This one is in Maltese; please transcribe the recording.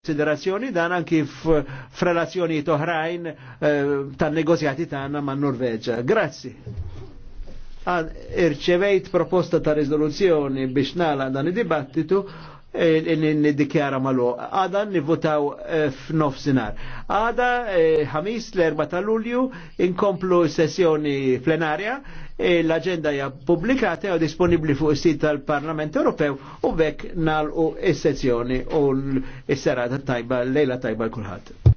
konsiderazzjoni dan anki f'relazzjoni toħrajn eh, tan-negozjati tagħna ma' Norveġa. Grazzi. Ah, irċevejt proposta ta' riżoluzzjoni biex nala dan id-dibattitu Eh, eh, n-dikjara malu. Għada nivvotaw eh, f'nofsinar. Għada ħamis l-4 ta' lulju inkomplu sessjoni plenarja l-agenda hija pubblikata u disponibli fuq is-sit tal-Parlament Ewropew u bekk nal is-sezzjoni u s-serata tajba, lejla tajba l-kulħadd.